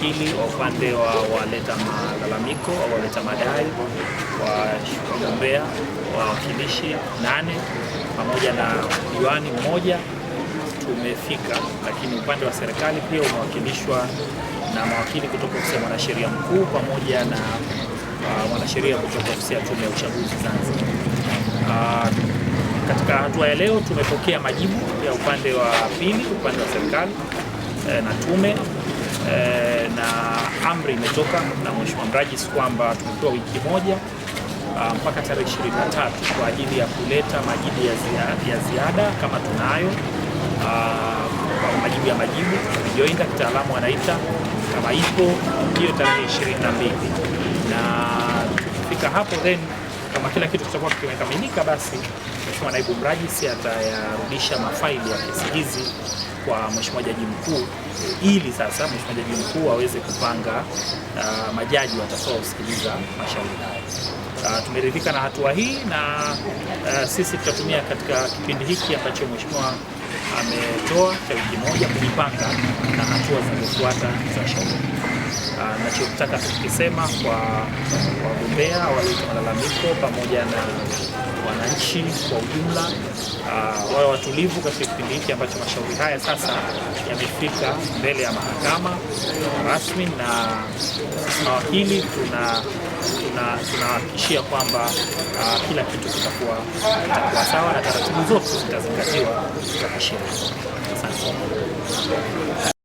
mawakili wa upande wa waleta malalamiko au waleta madai, wagombea wawakilishi nane pamoja na diwani mmoja tumefika, lakini upande wa serikali pia umewakilishwa na mawakili kutoka ofisi ya mwanasheria mkuu pamoja na uh, mwanasheria kutoka ofisi ya tume ya uchaguzi Zanzibar. Uh, katika hatua ya leo tumepokea majibu ya upande wa pili, upande wa serikali eh, na tume Eh, na amri imetoka na Mheshimiwa Mrajis kwamba tumepewa wiki moja ah, mpaka tarehe 23 kwa ajili ya kuleta majibu ya, ziada, ya ziada kama tunayo ah, kwa majibu ya majibu joinda kitaalamu anaita kama ipo hiyo tarehe 22 na tukifika hapo then kama kila kitu kitakuwa kimekamilika, basi Mheshimiwa Naibu Mrajisi atayarudisha mafaili ya kesi hizi kwa Mheshimiwa Jaji Mkuu ili sasa Mheshimiwa Jaji Mkuu aweze kupanga uh, majaji kusikiliza mashauri hayo. Uh, tumeridhika na hatua hii na uh, sisi tutatumia katika kipindi hiki ambacho Mheshimiwa ametoa cha wiki moja kujipanga na hatua zinazofuata za shauri. Ah, Nachotaka kukisema kwa wagombea waliotoa malalamiko pamoja na wananchi kwa ujumla, ah, wawe watulivu katika kipindi hiki ambacho mashauri haya sasa yamefika mbele ya mahakama rasmi, na mawakili tuna tunahakikishia tuna kwamba uh, kila kitu kitakuwa sawa na taratibu zote zitazingatiwa za kisheria. Asante.